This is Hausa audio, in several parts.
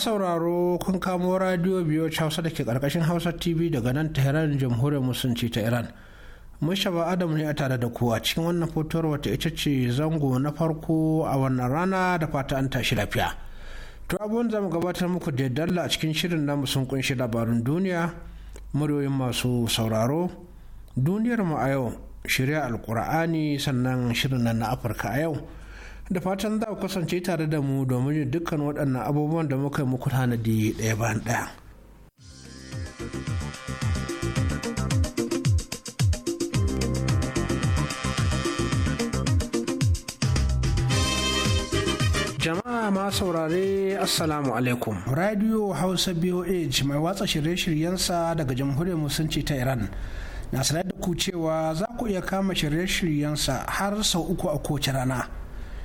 sauraro kun kamo radio biyo hausa da ke karkashin hausa tv daga nan tehran jamhuriyar musulunci ta iran mushaba adam ne a tare da kuwa cikin wannan fotowar wata ita ce zango na farko a wannan rana da fata an tashi lafiya to abubuwan zamu gabatar muku da dalla a cikin shirin namu sun kunshi labarin duniya muryoyin masu sauraro duniyar mu a yau shirya alkur'ani sannan shirin nan na afirka a yau da fatan za ku kasance tare da mu domin dukkan waɗannan abubuwan da muka yi muku tanadi ɗaya bayan ɗaya. jama'a ma saurare assalamu alaikum radio hausa boh mai watsa shirye-shiryensa daga jamhuriyar musulunci ta iran na sanar da ku cewa za ku iya kama shirye-shiryensa har sau uku a kowace rana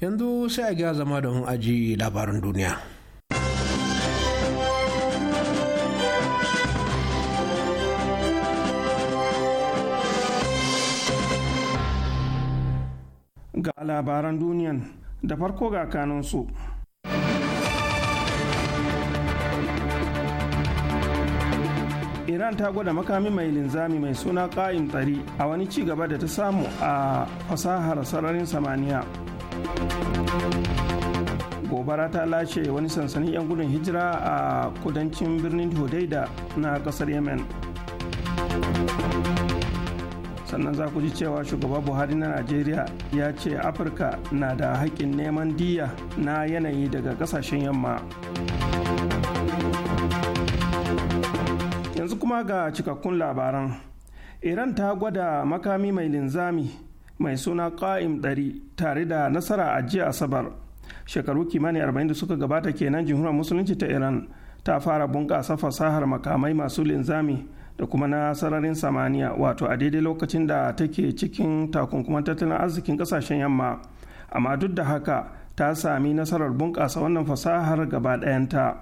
yanzu sai a ga zama da aji labarin duniya ga labaran duniyan da farko ga kanunsu iran ta gwada makami mai linzami mai suna ƙa'im tsari a wani ci gaba da ta samu a fasahar sararin samaniya gobara ta lashe wani sansanin 'yan gudun hijira a kudancin birnin hodeida na kasar yemen sannan za ku ji cewa shugaba buhari na najeriya ya ce afirka na da haƙƙin neman diya na yanayi daga ƙasashen yamma yanzu kuma ga cikakkun labaran iran ta gwada makami mai linzami mai suna ƙa'im ɗari tare da nasara a jiya asabar shekaru kimanin arba'in da suka gabata kenan jihunan musulunci ta iran ta fara bunƙasa fasahar makamai masu linzami da kuma na sararin samaniya wato a daidai lokacin da take cikin takunkuman tattalin arzikin ƙasashen yamma amma duk da haka ta sami nasarar bunƙasa wannan fasahar gaba ɗayanta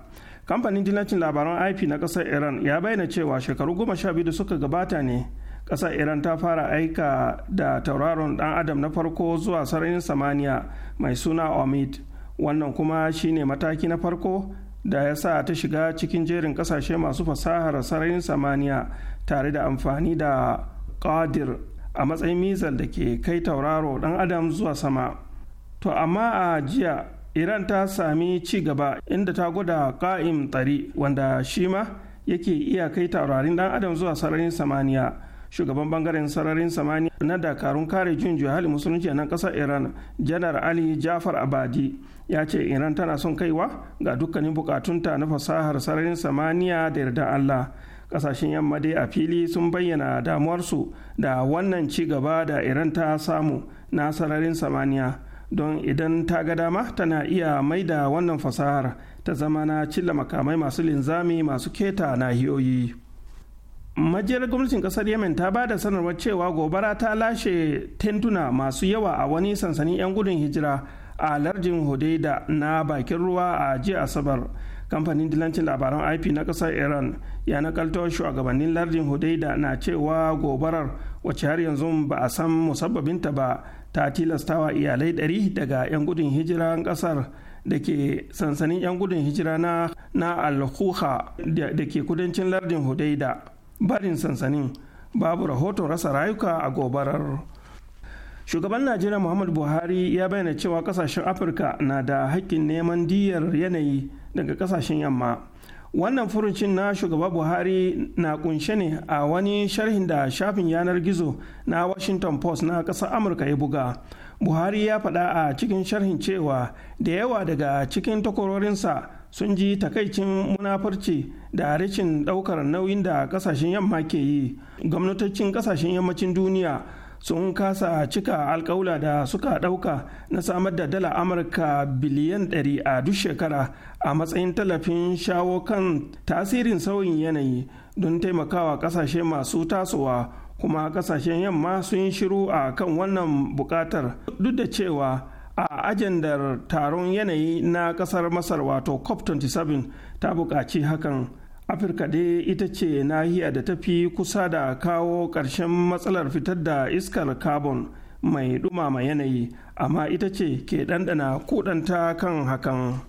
kamfanin dinacin labaran ip na ƙasar iran ya bayyana cewa shekaru goma sha biyu da suka gabata ne ƙasar iran ta fara aika da tauraron ɗan adam na farko zuwa sararin samaniya mai suna omid wannan kuma shine mataki na farko da ya sa ta shiga cikin jerin ƙasashe masu fasahar sararin samaniya tare da amfani da qadir a matsayin mizal da ke kai tauraro dan adam zuwa sama to amma a jiya iran ta sami ci gaba inda ta gwada ƙa'im tsari wanda shi ma yake iya kai taurarin ɗan adam zuwa sararin samaniya shugaban bangaren sararin samani na dakarun kare jin hali musulunci na kasar iran janar ali jafar abadi ya ce iran tana son kaiwa ga dukkanin bukatunta na fasahar sararin samaniya da yarda allah kasashen yamma dai a fili sun bayyana damuwarsu da wannan ci gaba da iran ta samu na sararin samaniya don idan ta ga dama tana iya maida wannan fasahar ta zama na cilla makamai masu linzami masu keta nahiyoyi. majiyar gwamnatin kasar yemen ta ba da sanarwar cewa gobara ta lashe tentuna masu yawa a wani sansanin 'yan gudun hijira a lardin hodeida na bakin ruwa a jiya asabar kamfanin dilancin labaran ip na kasar iran ya nakalto shugabannin lardin hudaida na cewa gobarar wacce har yanzu ba a san musabbabinta ba ta tilastawa iyalai 100 daga 'yan gudun hijiran kasar da ke sansanin 'yan gudun hijira na al da ke kudancin lardin hudaida barin sansanin babu rahoton rasa rayuka a gobarar shugaban najeriya muhammadu buhari ya bayyana cewa kasashen afirka na da hakkin neman diyar yanayi daga kasashen yamma wannan furucin na shugaba buhari na kunshe ne a wani sharhin da shafin yanar gizo na washington post na ƙasar amurka ya buga buhari ya faɗa a cikin sharhin cewa da yawa daga cikin takwarorinsa sun ji takaicin munafurci da rashin ɗaukar nauyin da ƙasashen yamma ke yi gwamnatocin ƙasashen yammacin duniya sun kasa cika alkawula da suka ɗauka na samar da dala amurka biliyan 100 a duk shekara a matsayin tallafin shawo kan tasirin sauyin yanayi don taimakawa ƙasashe masu tasowa kuma ƙasashen yamma sun shiru a kan wannan buƙatar duk da cewa a ajandar taron yanayi na ƙasar masar wato cop 27 ta buƙaci hakan afirka dai ita ce nahiya da ta fi kusa da kawo ƙarshen matsalar fitar da iskar carbon mai dumama yanayi amma ita ce ke ɗanɗana kuɗanta kan hakan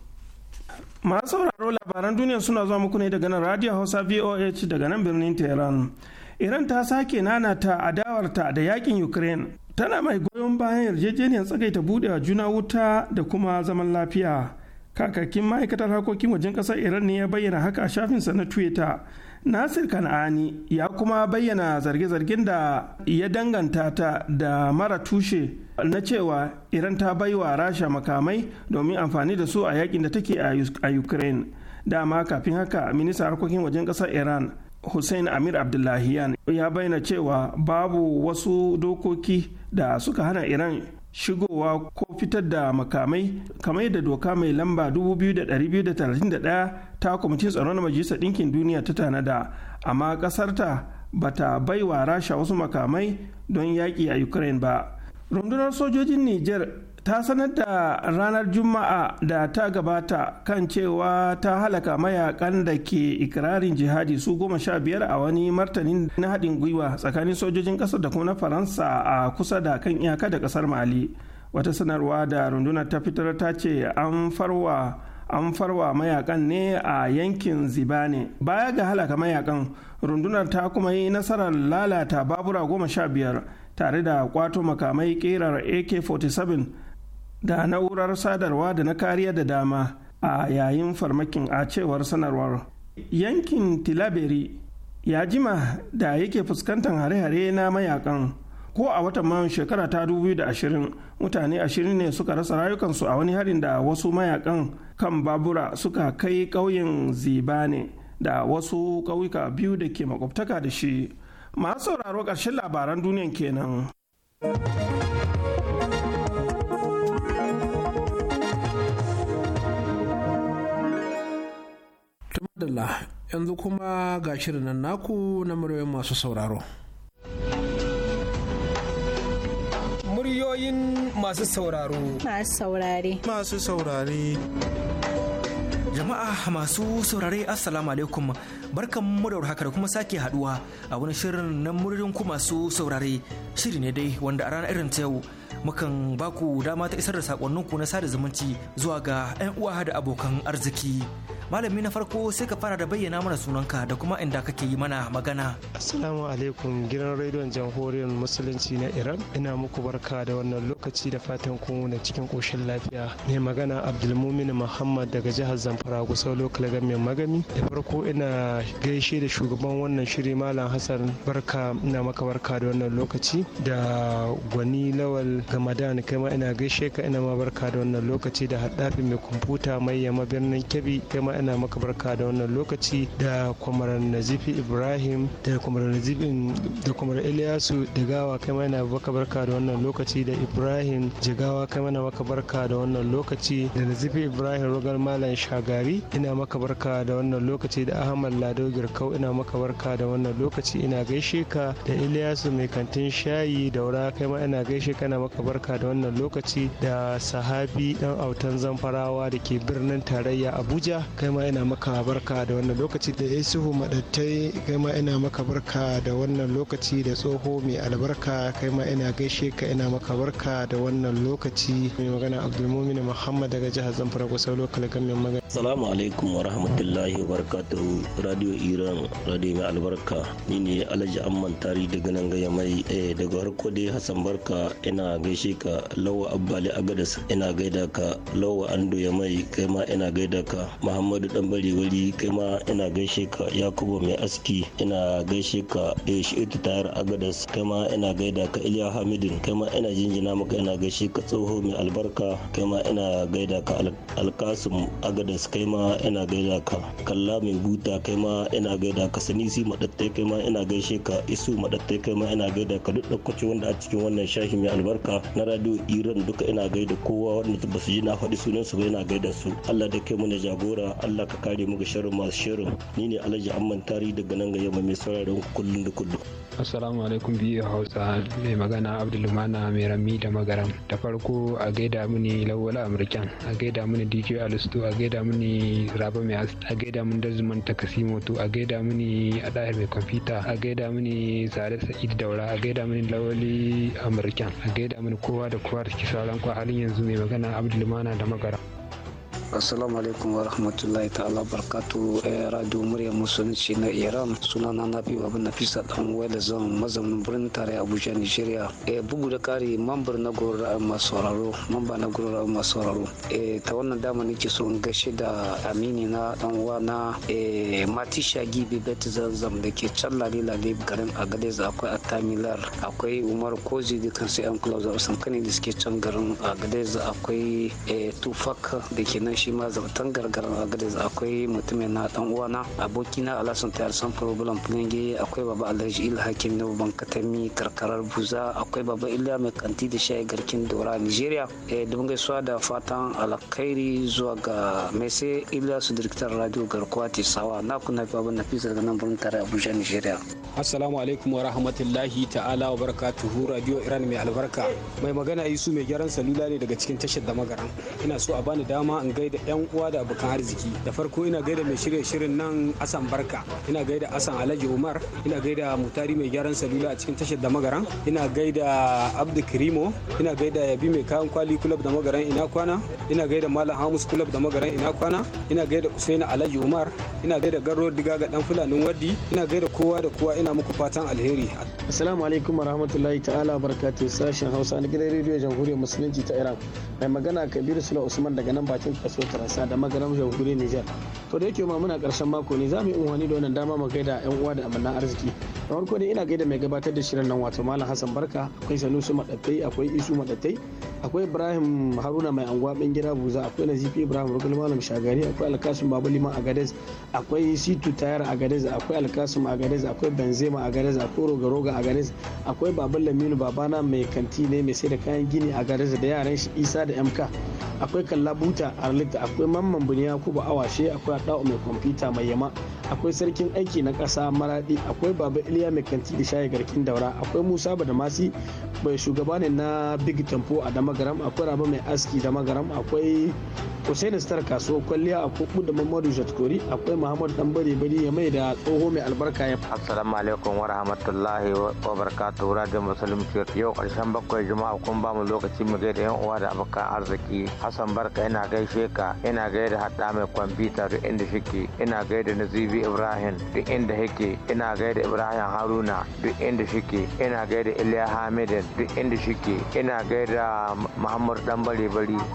masu sauraro labaran duniya suna zuwa muku ne daga nan radio hausa voh daga nan birnin tehran iran ta sake nanata adawarta da yakin ukraine tana mai goyon bayan yarjejeniyar tsagaita budewa juna wuta da kuma zaman lafiya kakakin ma'aikatar harkokin wajen ƙasar iran ne ya bayyana haka a shafinsa na twitter nasir kan'ani ya kuma bayyana zarge-zargen da ya danganta ta da mara tushe na cewa iran ta bai wa rasha makamai domin amfani da su a yakin da take a ukraine dama kafin haka ministan harkokin wajen ƙasar iran hussein amir abdullahiyan ya bayyana cewa babu wasu dokoki da suka hana iran shigowa ko fitar da makamai kamar yadda doka mai lamba 2231 ta kwamitin tsaro na majalisar ɗinkin duniya ta tanada amma ƙasarta ba ta baiwa rasha wasu makamai don yaƙi a ukraine ba rundunar sojojin niger ta sanar da ranar juma'a da ta gabata kan cewa ta halaka mayakan da ke ikirarin jihadi su goma sha biyar a wani martanin na haɗin gwiwa tsakanin sojojin ƙasar da kuma na faransa a kusa da kan iyaka da ƙasar mali wata sanarwa da rundunar ta fitar ta ce an farwa an farwa mayakan ne a yankin zibane baya ga halaka mayakan rundunar ta kuma yi nasarar lalata babura goma sha biyar tare da kwato makamai kerar ak-47 da na'urar sadarwa da na kariya da dama a yayin farmakin a cewar sanarwar yankin tilaberi ya jima da yake fuskantar hare-hare na mayakan ko a watan mayun shekara ta 2020 mutane ashirin ne suka rasa rayukansu a wani harin da wasu mayakan kan babura suka kai ƙauyen zibane da wasu ƙauyuka biyu da ke makwabtaka da shi masu sauraro ƙarshen labaran duniyan kenan. madalla yanzu kuma ga shirin naku na muryoyin masu sauraro. Muryoyin masu sauraro. Masu saurare. Masu saurare. Jama'a masu saurare Assalamu alaikum barkan mu da haka da kuma sake haduwa a wani shirin na muryoyin ku masu saurare shiri ne dai wanda a ranar irin ta yau mukan baku dama ta isar da ku na sada zumunci zuwa ga 'yan uwa da abokan arziki. malami na farko sai ka fara da bayyana mana sunanka da kuma inda kake yi mana magana assalamu alaikum gidan rediyon jamhuriyar musulunci na iran ina muku barka da wannan lokaci da fatan ku na cikin koshin lafiya ne magana abdulmumin muhammad daga jihar zamfara kusa lokal gamin magami da farko ina gaishe da shugaban wannan shiri malam hassan barka ina maka barka da wannan lokaci da gwani lawal Ramadan kai ma ina gaishe ka ina ma barka da wannan lokaci da haddafi mai kumfuta mai yama birnin Kebbi kai ma ina maka barka da wannan lokaci da kwamaran Nazifi Ibrahim da kwamaran Nazifin da kwamaran Ilyasu Digawa kai ma ina maka barka da wannan lokaci da Ibrahim Jigawa kai ma ina maka barka da wannan lokaci da Nazifi Ibrahim Rogar Malam Shagari ina maka barka da wannan lokaci da Ahmad Lado Girkau ina maka barka da wannan lokaci ina gaishe ka da Ilyasu mai kantin shayi daura kai ma ina gaishe ka na maka barka da wannan lokaci da sahabi dan autan zamfarawa da ke birnin tarayya abuja kai ma ina maka barka da wannan lokaci da isuhu madattai kai ma ina maka barka da wannan lokaci da tsoho mai albarka kai ma ina gaishe ka ina maka barka da wannan lokaci mai magana abdulmumin muhammad daga jihar zamfara kusa lokal gamin magana salamu alaikum wa rahmatullahi wa barakatuhu radio iran radio mai albarka ni ne alhaji amman tari daga nan gaya mai eh, daga harko dai barka ina gaishe ka lawa abbali agadas ina gaida ka lawa ando ya mai kai ma ina gaida ka muhammadu dan wuri kai ma ina gaishe ka yakubu mai aski ina gaishe ka ita tayar agadas kai ma ina gaida ka iliya hamidin kai ma ina jinjina maka ina gaishe ka tsoho mai albarka kai ma ina gaida ka alkasum agadas kai ma ina gaida ka kalla mai buta kai ma ina gaida ka sanisi madatta kai ma ina gaishe ka isu madatta kai ma ina gaida ka duk da wanda a cikin wannan shahi mai albarka amurka na radio iran duka ina gaida kowa wanda ba su ji na faɗi su ba ina gaida su allah da kai mu na jagora allah ka kare mu ga sharrin masu shirin ni ne alhaji amman tari daga nan ga yamma mai sauraron kullun da kullun. Assalamu alaikum biyu Hausa mai magana Abdulmana mai rami da magaram. Da farko a gaida mini lawala Amurkan, a gaida mini DJ Alisto, a gaida mini Raba mai a gaida mini Dazman Takasimoto, a gaida mini Adahir mai kwamfuta, a gaida mini Sare Sa'id Daura, a gaida mini Lawali Amurkan, a gaida mana kowa da kowa da ke sauran halin yanzu mai magana Abdulmana da Magara. assalamu alaikum wa rahmatullahi ta'ala barkatu eh, radio murya musulunci na iran suna na nafi babu nafisa dan wela zan mazaunin birnin tare abuja nigeria eh, bugu da kari mambar na gurur ra'ayin masu sauraro mamba na gurur ra'ayin masu sauraro eh, ta wannan dama nake so in gaishe da amini na dan uwa na matisha gibi bet zanzam da ke can lale lale garin agadez akwai atamilar akwai umar kozi kan sai an kula da usan kane da suke can garin agadez akwai tufaka da ke shi ma zabatan gargaran agadez akwai mutumin na dan uwana abokina alasan tayar san problem filinge akwai baba alhaji il hakim na katami karkarar buza akwai baba illa mai kanti da shayi garkin dora nigeria eh, don gaisuwa da fatan alkhairi zuwa ga mese su direktar radio garkuwa sawa na kuna fi abin nafisa daga nan birnin tare abuja nigeria assalamu alaikum wa rahmatullahi ta'ala wa barakatuhu radio iran mai albarka mai magana isu mai gyaran salula ne daga cikin tashar da magaran ina so a bani dama in gai da yan uwa da abokan arziki da farko ina gaida mai shirya shirin nan asan barka ina gaida asan alhaji umar ina gaida mutari mai gyaran salula a cikin tashar da magaran ina gaida abdu kirimo ina gaida yabi mai kayan kwali kulab da magaran ina kwana ina gaida malam hamus kulab da magaran ina kwana ina gaida usaina alhaji umar ina gaida garro diga ga dan fulanin waddi ina gaida kowa da kowa ina muku fatan alheri assalamu alaikum warahmatullahi ta'ala barkatu sashen hausa na gidan rediyo jamhuriyar musulunci ta iran mai magana kabiru sula usman daga nan bakin kasuwa so tarasa da magaram jamhuriyar Nijar. To da yake ma muna karshen mako ne za mu yi unwani da wannan dama mu gaida yan uwa da amana arziki. Da farko dai ina gaida mai gabatar da shirin nan wato Malam Hassan Barka, akwai Sanusi Madattai, akwai Isu Madattai, akwai Ibrahim Haruna mai anguwa Bengira Buza, akwai Nazifi Ibrahim Rukul Malam Shagari, akwai Alkasim Babu Liman Agadez, akwai Situ Tayar Agadez, akwai Alkasim Agadez, akwai Benzema Agadez, akwai Rogaroga Roga Agadez, akwai Baban Laminu Babana mai kanti ne mai sai da kayan gini Agadez da yaran shi Isa da MK, akwai Kallabuta Arlit yadda akwai mamman buniya a awashe akwai adao mai kwamfuta mai yama akwai sarkin aiki na kasa maradi akwai baba iliya mai kanti da shayi garkin daura akwai musa badamasi bai shugaba ne na big tempo a damagaram akwai raba mai aski damagaram akwai hussein star kasuwar kwalliya a akwai da mamadu jatkori akwai muhammadu dan bari bari ya mai da tsoho mai albarka ya assalamu alaikum wa rahmatullahi wa barakatuhu radio muslim yau karshen bakwai juma'a kun ba mu lokaci mu da yan uwa da abokan arziki hassan barka yana gaishe Amurka ina gaida hada mai kwamfuta duk inda shike ina gaida Nazibi Ibrahim duk inda yake ina gaida Ibrahim Haruna duk inda shike ina gaida Iliya Hamid duk inda shike ina gaida Muhammad Dan Bale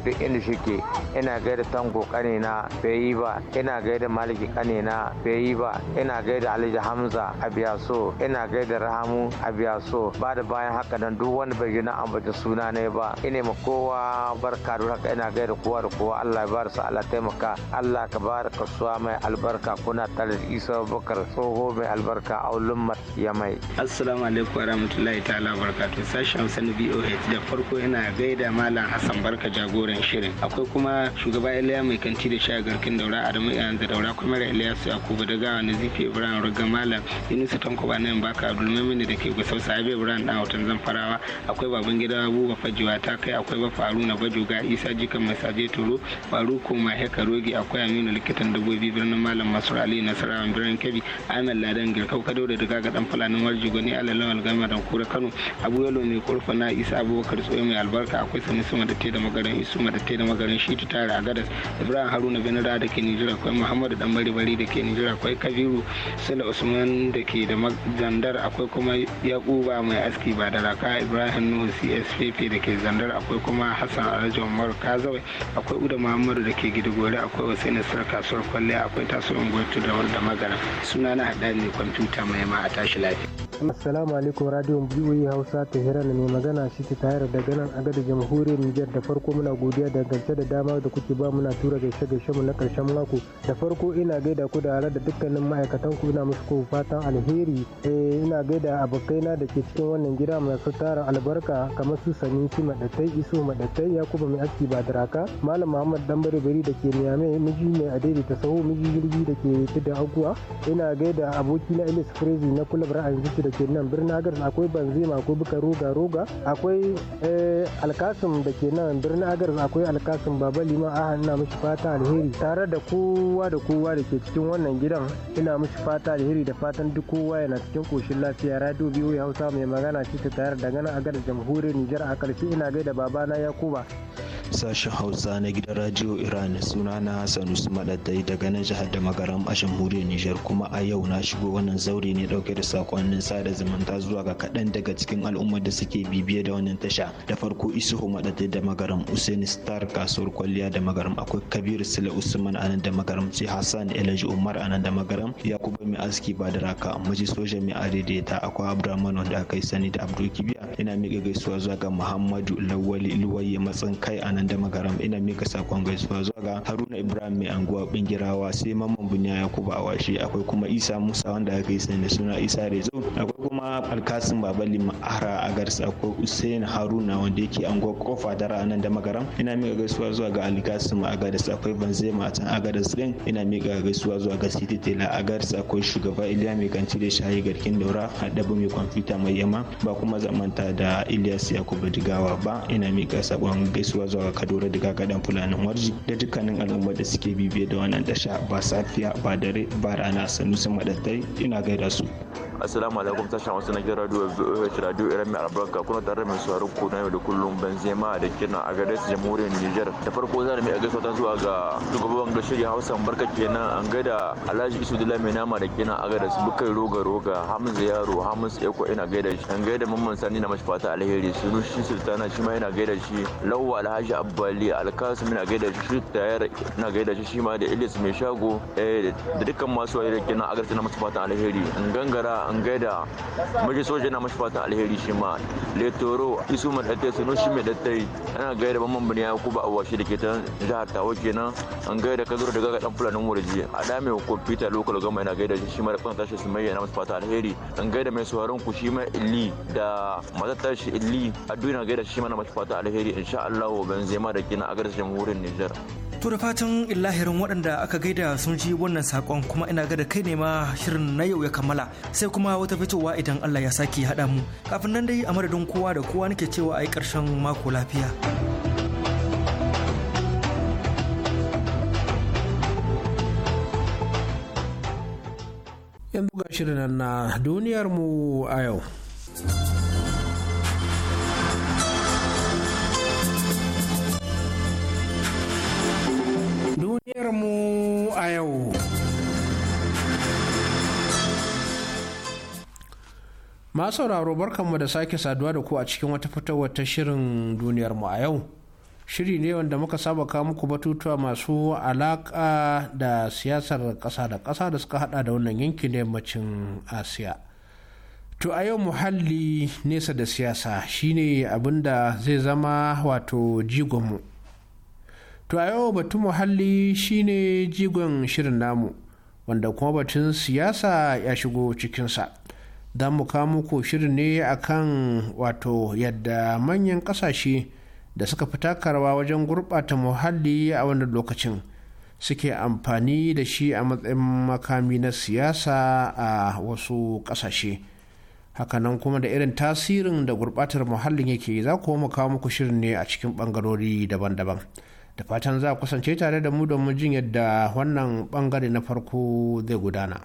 duk inda shike ina gaida Tango Kanina bai ba ina gaida Maliki Kanina bai ba ina gaida Alhaji Hamza Abiyaso ina gaida Rahamu Abiyaso ba da bayan haka nan duk wanda bai yi na suna ne ba ina ma kowa barka da haka ina gaida kowa da kowa Allah su Allah taimaka Allah ka bar kasuwa mai albarka kuna tare da Isa Bakar tsoho mai albarka a ulumar Yamai. Assalamu alaikum wa rahmatullahi ta'ala barakatuh sashen Hausa na BOH da farko yana gaida Malam Hassan Barka jagoran shirin akwai kuma shugaba Iliya mai kanti da shagarkin daura Adamu da daura kuma Iliyasu Yakubu da gawa na Zifi Ibrahim Ruga Malam Yunusu Tanko ba nan baka Abdulmumin da ke gusau Sabi Ibrahim dan hoton Zamfarawa akwai baban gida Abuba Fajiwa ta kai akwai Bafa Haruna Bajoga Isa Jikan Masaje Turo faruku karo karogi akwai aminu likitan dabbobi birnin malam masu ali nasarawan birnin kebbi ana ladan girkau kado da daga dan fulanin warji gani alalan algama da kura kano abu yalo mai kurfa na isa abubakar tsoye mai albarka akwai sani suma da da magarin isu ma da da magarin shi ta tare a gadas ibrahim haruna benara da ke nijira akwai muhammadu dan bari bari da ke nijira akwai kabiru sala usman da ke da zandar akwai kuma yakuba mai aski ba da raka ibrahim nuhu cspp da ke zandar akwai kuma hassan alhaji umar kazawai akwai uda muhammadu da ke gore akwai wasu nasarar kasuwar kwalliya akwai tasu unguwar da da magana suna na haɗa ne kwamfuta mai ma a tashi lafiya. assalamu alaikum radio biyoyi hausa ta hira mai magana shi ta tayar da ganin agada jamhuriyar nijar da farko muna godiya da dangance da dama da kuke ba muna tura gaishe gaishe mu na karshen mako da farko ina gaida ku da da dukkanin ma'aikatan ku ina musu fatan alheri eh, ina gaida abokaina da ke cikin wannan gida masu tara albarka kamar su shi madatai iso madatai yakuba mai aski ba daraka malam muhammad dan bari da ke niyame miji mai ta saho miji jirgi da ke tudun aguwa ina gaida aboki na ilis crazy na kulab ra'ayin zuci da ke nan birnin agadas akwai banzema akwai buka roga roga akwai eh, alkasim da ke nan birnin agadas akwai alkasim baba liman aha ina mishi fata alheri tare da kowa da kowa da ke cikin wannan gidan ina mishi fata alheri da fatan duk kowa yana cikin koshin lafiya radio biyu hausa mai magana ce ta tare da ganin agadas jamhuriyar nijar a karshe ina gaida babana yakuba sashen hausa na gidan radio iran suna na hassan usman daga nan jihar da magaram a jamhuriyar nijar kuma a yau na shigo wannan zaure ne dauke da sakonnin sada zumunta zuwa ga kaɗan daga cikin al'ummar da suke bibiye da wannan tasha da farko isuhu madadai da magaram usaini star kasuwar kwalliya da magaram akwai kabiru sila usman anan da magaram sai hassan elaji umar anan da magaram yakubu mai aski ba da raka maji soja mai adaidaita akwai abdurrahman wanda aka yi sani da abdul kibiya ina miƙa gaisuwa zuwa ga muhammadu lawali luwaye matsin kai anan nan da magaram ina mika sakon gaisuwa zuwa ga haruna ibrahim mai anguwa bingirawa sai mamman bunya yakuba awashi akwai kuma isa musa wanda aka yi sani suna isa rezo akwai kuma alkasim babali ma'ara a garsa akwai usain haruna wanda yake anguwa kofa dara nan da magaram ina mika gaisuwa zuwa ga alkasim a gadas akwai banzema a can a gadas din ina mika gaisuwa zuwa ga city tela a gadas akwai shugaba iliya mai kanci da shayi garkin daura dabu mai kwamfuta mai yama ba kuma zamanta da ilyas yakubu digawa ba ina mika sakon gaisuwa zuwa kadoro diga gagadan fulanin warji da dukkanin al'ummar da suke bibiye da wannan tasha ba safiya ba dare ba rana sun madaddai ina gaida su assalamu alaikum tasha wasu na gidan radio VOH radio Iran mai albarka kuna tare mai sauraron ku na yau da kullum Benzema da kina a garin jamhuriyar Niger da farko zan mai gaisuwa ta zuwa ga shugaban ga shirya Hausa barka kenan an gaida Alhaji Isu Dila mai nama da kina a garin bukai roga roga Hamza Yaro Hamis Eko ina gaida shi an gaida mamman Sani na mashi fata alheri shi Sultana shi ma ina gaida shi lawa Alhaji alhaji abbali alkasu na gaida shi tayar na gaida shi shima da ilis mai shago eh, da dukkan masu wayo da na agarci na mashi alheri in gangara in gaida mashi soja na mashi alheri alheri ma letoro isu mai dattai sanushi mai dattai ana gaida bamban bani yakuba a washe da ke ta jihar tawo kenan an gaida zuru daga ga dan fulanin warji a da mai kwamfuta lokal gama yana gaida shi shima da kwan tashi su mai yana fatan alheri an gaida mai suwarin ku shima illi da matar shi illi a duniya gaida shi ma na mashi alheri insha Allah labaran zema da kina a agar jamhuriyar Nijar. To da fatan illahirin waɗanda aka gaida sun ji wannan saƙon kuma ina ga da kai ne ma shirin na yau ya kammala sai kuma wata fitowa idan Allah ya sake haɗa mu. Kafin nan dai a madadin kowa da kowa nake cewa a yi ƙarshen mako lafiya. Yanzu ga shirin na duniyarmu a yau. Duniyarmu a yau. Masu sauraro barkanmu da sake saduwa da ku a cikin wata fitowar ta shirin mu a yau. Shiri ne wanda muka saba kawo muku batutuwa masu alaƙa da siyasar ƙasa da ƙasa da suka hada da wannan yankin na yammacin Asiya. To a yau muhalli nesa da siyasa shine abin da zai zama wato jigonmu. To a yau batun muhalli shine jigon shirin namu wanda kuma batun siyasa ya shigo cikinsa. Za mu kawo muku shirin ne akan wato yadda manyan ƙasashe da suka fi takarwa wajen gurɓata muhalli a wannan lokacin suke amfani da shi a matsayin makami na siyasa a wasu ƙasashe. Hakanan kuma da irin tasirin da gurɓatar muhallin yake za kuma mu kawo muku shirin ne a cikin ɓangarori daban-daban. da fatan za a kusance tare da mu domin jin yadda wannan bangare na farko zai gudana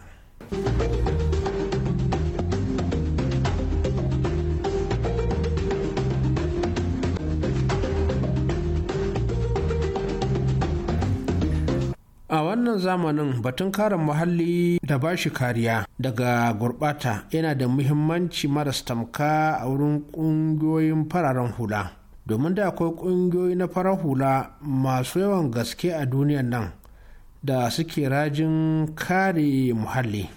a wannan zamanin batun kare muhalli da bashi kariya daga gurbata yana da muhimmanci maras tamka a wurin ƙungiyoyin fararen hula domin da akwai ƙungiyoyi na farar hula masu yawan gaske a duniyan nan da suke rajin kare muhalli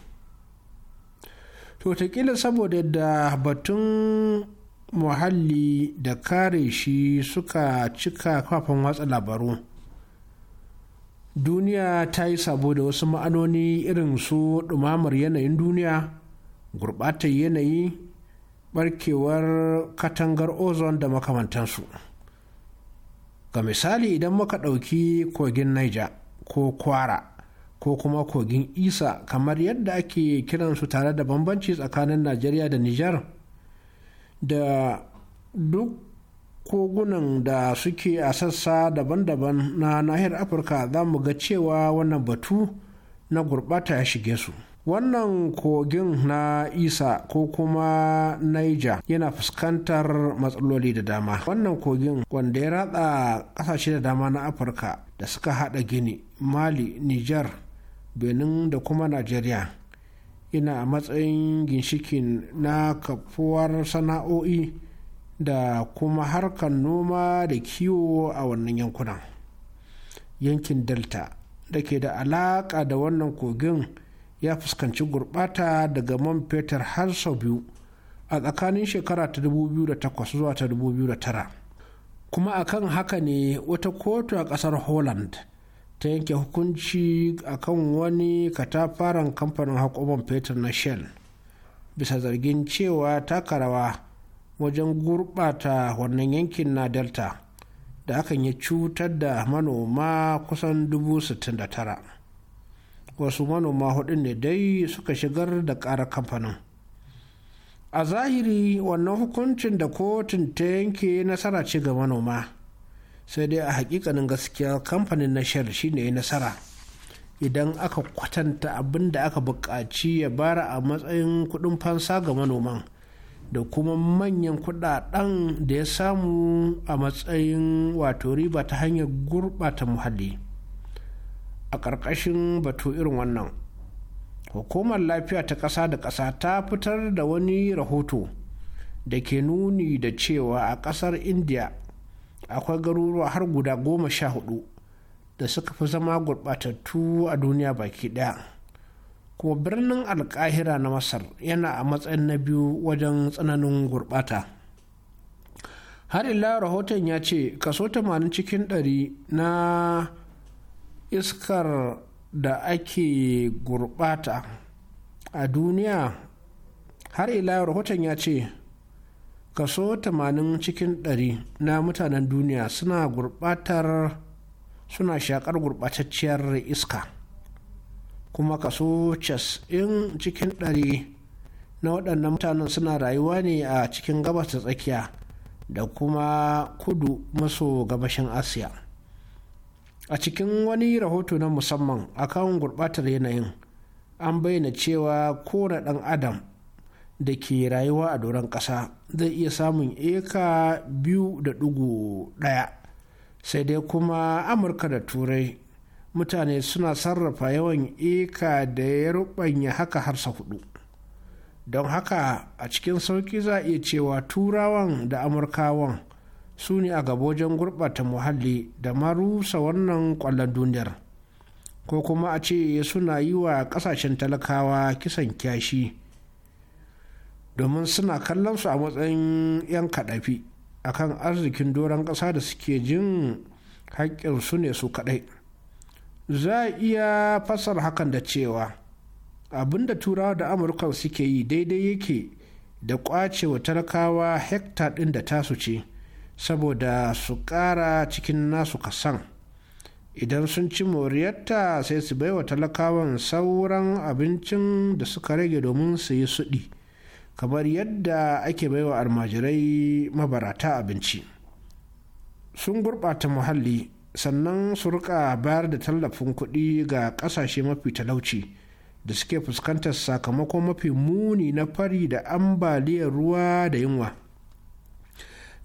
to taƙila saboda yadda batun muhalli da kare shi suka cika kafafen watsa labaru duniya ta yi sabo da wasu ma'anoni irin su ɗumamar yanayin duniya gurɓatar yanayi barkewar katangar ozone da makamantansu ga misali idan muka ɗauki kogin niger ko kwara ko kuma kogin isa kamar yadda ake kiransu tare da bambanci tsakanin najeriya da niger da duk kogunan da suke a sassa daban-daban na nahiyar afirka za mu ga cewa wannan batu na gurɓata ya shige su wannan kogin na isa ko kuma niger yana fuskantar matsaloli da dama wannan kogin wanda ya ratsa kasashe da dama na afirka da suka hada gini mali niger benin da kuma nigeria yana a matsayin ginshikin na kafuwar sana'o'i da kuma harkar noma da kiwo a wannan yankunan yankin delta da ke da alaƙa da wannan kogin ya fuskanci gurbata daga man fetur har sau biyu a tsakanin shekara ta 2008 zuwa ta 2009 kuma a kan haka ne wata kotu a kasar holland ta yanke hukunci akan wani katafaren kamfanin hakoman fetur na shell bisa zargin cewa takarawa wajen gurbata wannan yankin na delta da akan ya cutar da manoma kusan 69 wasu manoma hudun ne dai suka shigar da ƙara kamfanin a zahiri wannan hukuncin da kotun ta yanke nasara ce ga manoma sai dai a hakikanin gaskiya kamfanin na shell shine ne nasara idan aka kwatanta abin da aka buƙaci ya bara a matsayin kudin fansa ga manoman da kuma manyan kuɗaɗen da ya samu a matsayin wato riba ta hanyar gurɓata muhalli. a ƙarƙashin batu irin wannan hukumar lafiya ta ƙasa da ƙasa ta fitar da wani rahoto da ke nuni da cewa a ƙasar india akwai garuruwa har guda goma sha hudu da suka fi zama gurɓatattu a duniya baki ɗaya kuma birnin alkahira na masar yana a matsayin na biyu wajen tsananin gurɓata har ila rahoton ya ce kaso 80 cikin 100 na iskar da ake gurbata a duniya har ila rahoton ya ce kaso 80 cikin 100 na mutanen duniya suna gurbatar suna shakar gurbatacciyar iska kuma kaso in cikin 100 na waɗannan mutanen suna rayuwa ne a cikin gabas ta tsakiya da kuma kudu maso gabashin asiya a cikin wani rahoto na musamman akan gurbatar yanayin an bayyana cewa kowane ɗan adam da ke rayuwa a doron ƙasa zai iya samun eka biyu da dugu ɗaya sai dai kuma amurka da turai mutane suna sarrafa yawan eka da ya rubanya haka harsa huɗu, hudu don haka a cikin sauki za a iya cewa turawan da amurkawan su ne a gaba wajen gurɓata muhalli da ma rusa wannan ƙwallon duniyar ko kuma a ce suna yi wa ƙasashen talakawa kisan kyashi domin suna kallon su a matsayin 'yan kaɗafi kan arzikin doron ƙasa da suke jin haƙƙinsu ne su kaɗai za a iya fasar hakan da cewa abin da turawa da amurka suke yi daidai yake da ƙwace wa talakawa hekta ɗin da tasu ce saboda su ƙara cikin nasu kasan idan sun ci moriyarta sai su baiwa talakawan sauran abincin da suka rage domin su yi suɗi kamar yadda ake baiwa almajirai mabarata abinci sun gurɓata muhalli sannan su rika bayar da tallafin kuɗi ga ƙasashe mafi talauci da suke fuskantar sakamakon mafi muni na fari da ambaliyar ruwa da yunwa.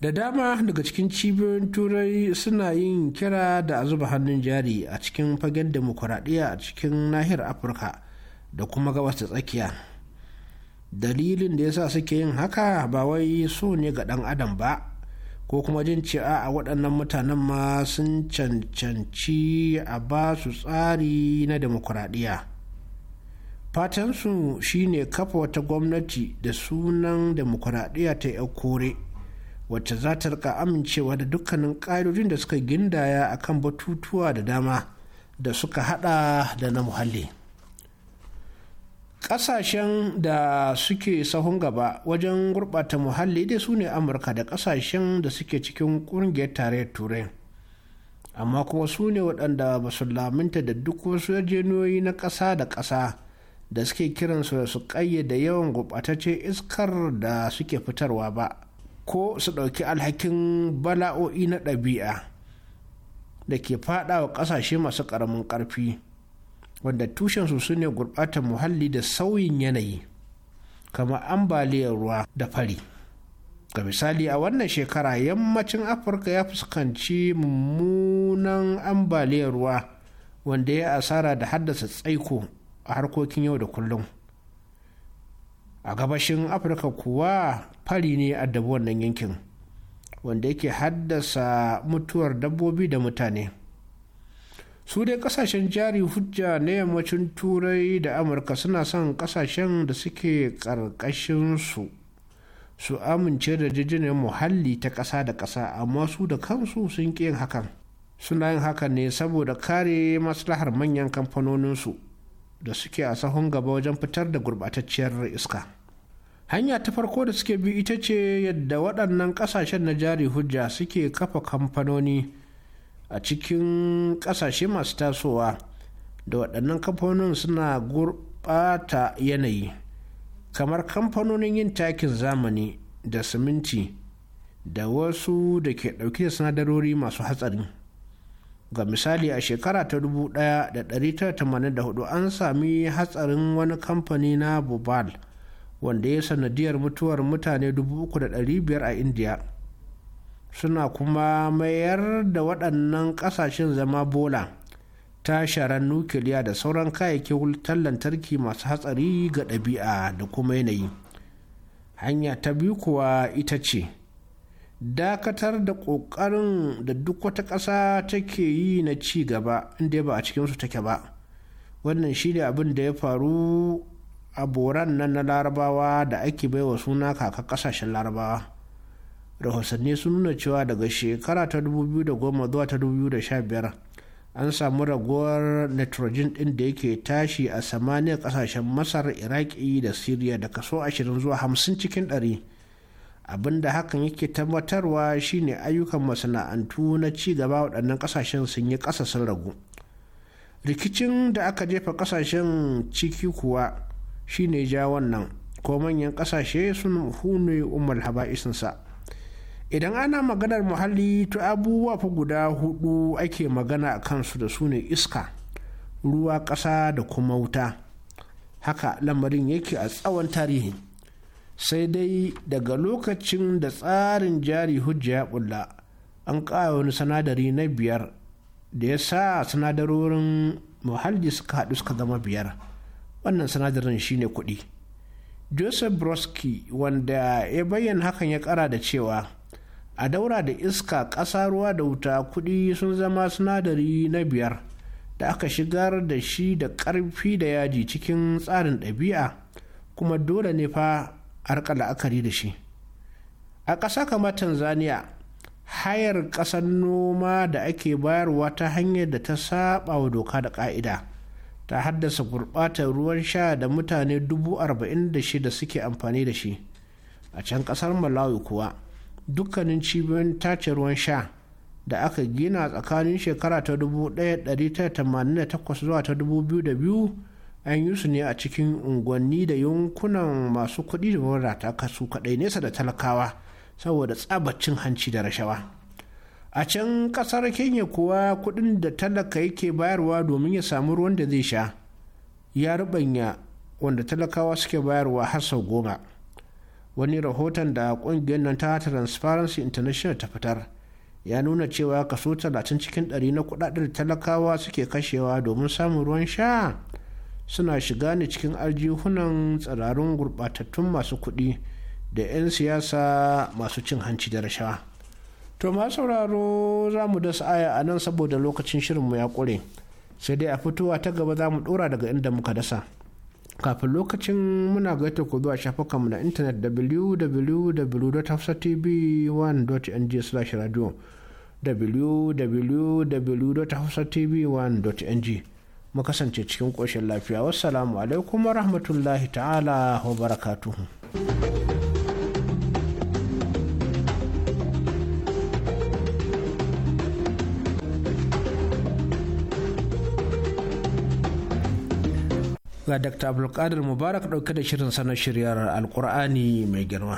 da dama daga cikin cibiyoyin turai suna yin kira da zuba hannun jari a cikin fagen demokuraɗiyya a cikin nahiyar afirka da kuma gabas da tsakiya dalilin da yasa suke yin haka ba wai so ne ga ɗan adam ba ko kuma jin cewa a waɗannan mutanen ma sun cancanci a ba su tsari na demokuraɗiyya fatansu shine kafa wata gwamnati da sunan demokuraɗiyya ta 'yan kore wacce za ta rika amincewa da dukkanin ƙa'idodin da suka gindaya a kan batutuwa da dama da suka hada da na muhalli ƙasashen da suke sahun gaba wajen gurɓata muhalli dai su ne amurka da ƙasashen da suke cikin ƙungiyar tarayyar turai amma kuma su ne waɗanda ba su laminta da duk wasu yarjeniyoyi na ƙasa da ƙasa da suke kiransu da su ƙayyade yawan gurɓataccen iskar da suke fitarwa ba ko su ɗauki alhakin bala'o'i na ɗabi'a da ke faɗawa ƙasashe masu ƙaramin ƙarfi wanda tushensu su ne gurɓatar muhalli da sauyin yanayi kamar ambaliyar ruwa da fari ga misali a wannan shekara yammacin afirka ya fuskanci mummunan ambaliyar ruwa wanda ya asara da haddasa tsaiko a harkokin yau da kullum a gabashin afirka kuwa fari ne a dabu wannan yankin wanda yake haddasa mutuwar dabbobi da mutane su dai kasashen jari hujja na yammacin turai da amurka suna son kasashen da suke karkashin su su amince da jijinin muhalli ta ƙasa da ƙasa amma su da kansu sun ƙi yin hakan suna yin hakan ne saboda kare maslahar manyan kamfanoninsu da suke a sahun gaba wajen fitar da gurɓatacciyar iska. hanya ta farko da suke bi ita ce yadda waɗannan ƙasashen na jari hujja suke kafa kamfanoni a cikin ƙasashe masu tasowa da waɗannan kamfanonin suna gurɓata yanayi kamar kamfanonin yin takin zamani da siminti da wasu da ke ɗauke da sinadarori masu hatsari ga misali a shekara ta 1984 an sami hatsarin wani kamfani na bobal wanda ya sanadiyar mutuwar mutane 3,500 a indiya suna kuma mayar da waɗannan ƙasashen zama bola tasharan nukiliya da sauran kayayyakin wutar lantarki masu hatsari ga ɗabi'a da kuma yanayi hanya ta biyu kuwa ita ce dakatar da ƙoƙarin da duk wata ƙasa take yi na ci gaba inda ba a cikinsu take ba wannan shi ne abin da ya faru a boran nan na larabawa da ake baiwa suna kaka kasashen larabawa rahotanni sun nuna cewa daga shekara ta 2010 zuwa ta 2015 an samu ragowar nitrogen din da yake tashi a samaniyar kasashen masar iraki da syria da kaso 20 zuwa 50 cikin 100 abinda hakan yake tabbatarwa shine ayyukan masana'antu na ci gaba waɗannan kasashen sun yi ƙasa sun ragu rikicin da aka jefa kasashen ciki kuwa shi ne ja wannan ko manyan kasashe sun hune umar isinsa idan ana maganar muhalli to abubuwa fa guda hudu ake magana a kansu da su ne iska ruwa ƙasa da kuma wuta haka lamarin yake a tsawon tarihi sai dai daga lokacin da tsarin jari hujja ya bulla an kawo wani sanadari na biyar da ya sa sinadarorin muhalli suka haɗu suka zama biyar wannan sinadarin shine kuɗi joseph broski wanda ya bayyana hakan ya ƙara da cewa a daura da iska ƙasa ruwa da wuta kuɗi sun zama sinadari na biyar da aka shigar da shi da ƙarfi da yaji cikin tsarin ɗabi'a kuma dole ne fa a rika la'akari da shi a ƙasa kamar tanzania hayar ƙasar noma da ake bayarwa ta hanyar da ta saba wa doka da ƙa'ida ta haddasa gurɓatar ruwan sha da mutane dubu arba'in da shida suke amfani da shi a can ƙasar malawi kuwa dukkanin cibiyoyin tace ruwan sha da aka gina tsakanin shekara ta 1988 zuwa ta 2002 an yi su ne a cikin unguwanni da yankunan masu kuɗi da wadata kasu kaɗai nesa da talakawa saboda tsabacin hanci da rashawa a can kasar kenya kuwa kudin da talaka yake bayarwa domin ya samu ruwan da zai sha ya rubanya wanda talakawa suke bayarwa har sau goma wani rahoton da kungiyar nan ta transparency international ta fitar ya nuna cewa kaso 30 cikin 100 na kudaden talakawa suke kashewa domin samun ruwan sha suna shiga ne cikin aljihunan tsirarun gurbatattun masu kuɗi da 'yan siyasa masu cin hanci da rashawa. to ma sauraro za mu da sa'aya a nan saboda lokacin shirinmu ya ƙure sai dai a fitowa ta gaba za mu ɗora daga inda muka dasa kafin lokacin muna gaita ku zuwa shafukanmu na intanet www.hafsatv1.ng/radio www.hafsatv1.ng mu kasance cikin ƙoshin lafiya wassalamu alaikum wa rahmatullahi ta'ala wa barakatuhu. ga dr abdulkadir mubarak dauke da shirin sanar shiryar alkur'ani mai girma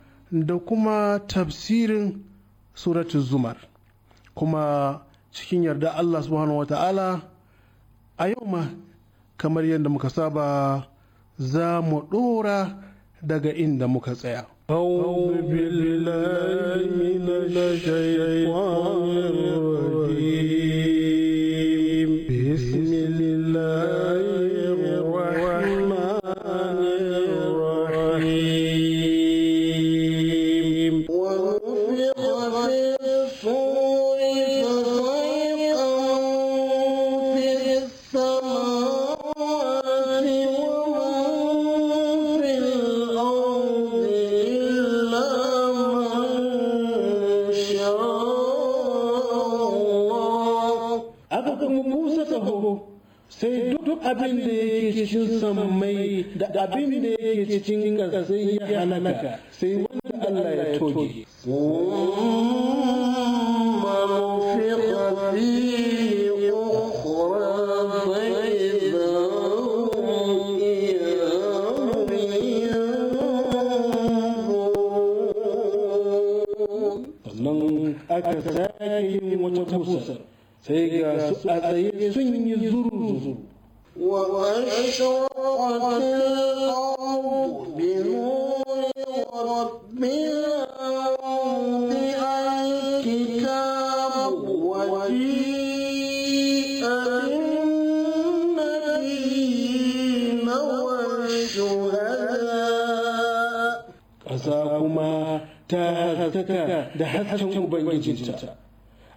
da kuma tafsirin suratu zumar kuma cikin yarda Allah subhanahu wa ta'ala a yau ma kamar yadda muka saba za mu ɗora daga inda muka tsaya. أعوذ abin da yake cikin sammai da abin da yake cikin ƙasai ya halaka sai wanda Allah ya toge. Sannan aka sake yin wata busar sai ga su a tsaye sun yi zuru-zuru. وأشرقت الأرض بنور ربها ووضع الكتاب وجيء بالنبيين والشهداء أساكما تاهتك دحتهم بيجنتا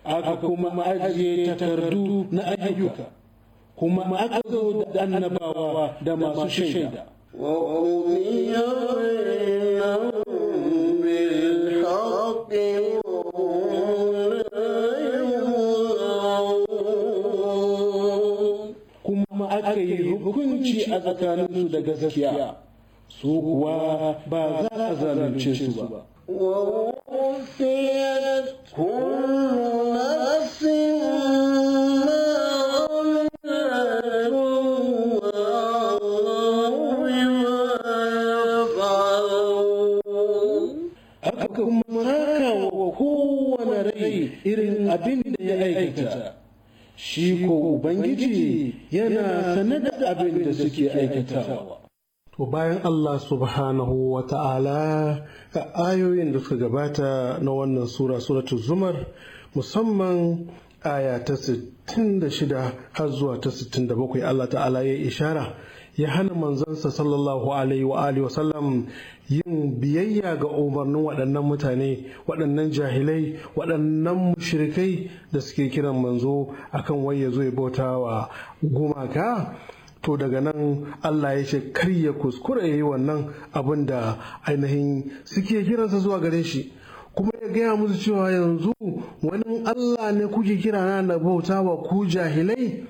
أكما أجيت تردو نأيك kuma aka zo da annabawa da masu shaida وقضي aka yi hukunci a tsakaninsu da gaskiya su kuwa ba za a zalunce su ba. ووفيت كل نفس irin abin da ya aikata shi ko ubangiji yana sanada da abin da suke aikatawa To bayan Allah subhanahu wa ta'ala a ayoyin da suka gabata na wannan sura suratul zumar musamman aya ta 66 har zuwa ta 67 Allah ta'ala ya ishara ya hana manzansa sallallahu alaihi wa alihi yin biyayya ga umarnin waɗannan mutane waɗannan jahilai waɗannan mushrikai da suke kiran manzo akan wai ya zo ya bauta wa gumaka to daga nan Allah ya ce kar ya kuskura ya yi wannan abin da ainihin suke kiransa zuwa gare shi kuma ya gaya musu cewa yanzu wani Allah ne kuke kira na bauta wa ku jahilai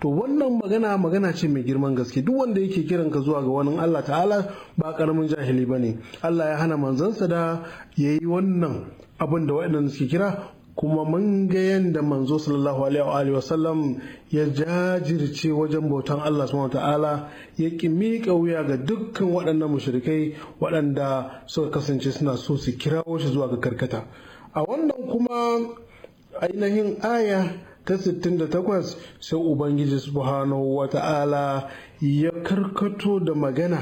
to wannan magana magana ce mai girman gaske duk wanda yake kiran ka zuwa ga wani Allah ta'ala ba karamin jahili ba ne Allah ya hana manzansa da ya yi wannan abin da waɗannan suke kira kuma mun ga yadda manzo sallallahu alaihi wa sallam ya jajirce wajen bautan Allah subhanahu ta'ala ya ki miƙa wuya ga dukkan waɗannan mushrikai waɗanda suka kasance suna so su kirawo shi zuwa ga karkata a wannan kuma ainihin aya ta 68 sai ubangiji subhanahu wa ta'ala ya karkato da magana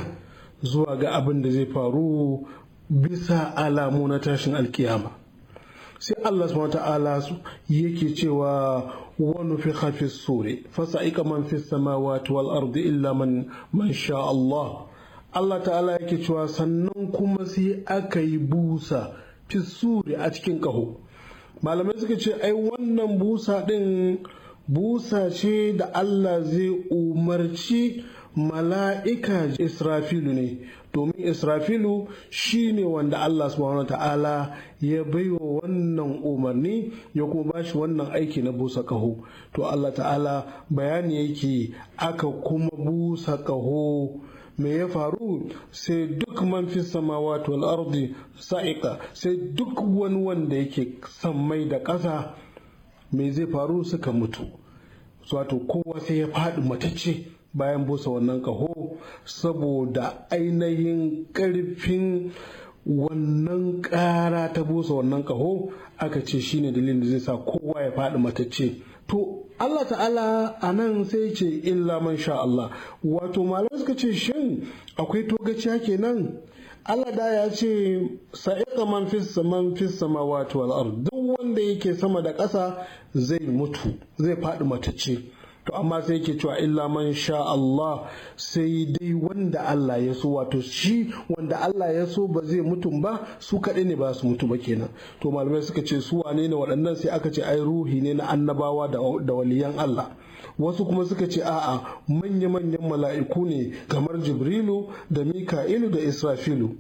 zuwa ga abin da zai faru bisa alamu na tashin alkiyama sai Allah subhanahu ta'ala yake cewa wani nufikha fi suri fasa'ika man fi samawati wal ardi illa man man sha Allah Allah ta'ala yake cewa sannan kuma sai aka yi busa fi sure a cikin kaho malamai suka ce ai wannan busa din busa ce da Allah zai umarci mala'ika israfilu ne domin israfilu shi ne wanda Allah subhanahu ta'ala ya baiwa wannan umarni ya kuma ba shi wannan aiki na busa kaho to Allah ta'ala bayani yake aka kuma busa kaho me ya faru sai duk man fi samawati wal ardi sa'iqa sai duk wani wanda yake sammai da ƙasa me zai faru suka mutu wato kowa sai ya faɗi matacce bayan busa wannan ƙaho saboda ainihin ƙarfin wannan ƙara ta busa wannan ƙaho aka ce shine dalilin da zai sa kowa ya faɗi matacce to Allah ta'ala a nan sai ce illa man sha Allah wato malamai suka ce shin akwai togaciya kenan Allah da ya ce sa'iqa man fis man fis ma wato ard duk wanda yake sama da ƙasa zai mutu zai faɗi matacce to amma sai yake cewa illa man sha Allah sai dai wanda Allah ya so wato shi wanda Allah ya so ba zai mutum ba su kaɗai ne ba su mutu ba kenan to malamai suka ce su wane ne waɗannan sai aka ce ai ruhi ne na annabawa da waliyan Allah wasu kuma suka ce a'a manya-manyan mala'iku ne kamar jibrilu da mika'ilu da israfilu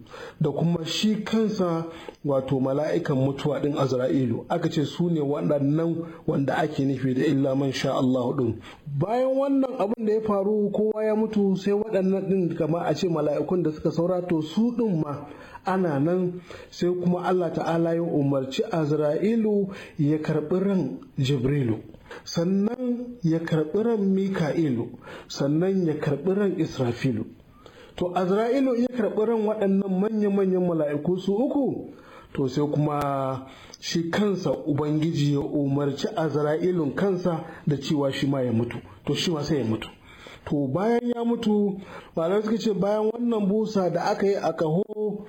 da kuma shi kansa wato mala'ikan mutuwa din azra'ilu aka ce su ne waɗannan wanda ake nufi da illa man sha Allahu din bayan wannan abin da ya faru kowa ya mutu sai waɗannan ɗin kamar a ce mala'ikun da suka saura to su din ma ana nan sai kuma Allah ta'ala ya umarci azra'ilu ya karɓi ran jibrilu sannan ya karɓi ran mika'ilu sannan ya karɓi ran israfilu to azra'ilu ya karɓi ran waɗannan manya-manyan mala'iku su uku to sai kuma shi kansa ubangiji ya umarci azra'ilun kansa da cewa shi ma ya mutu to shi ma sai ya mutu to bayan ya mutu malamai suka ce bayan wannan busa da aka yi a kaho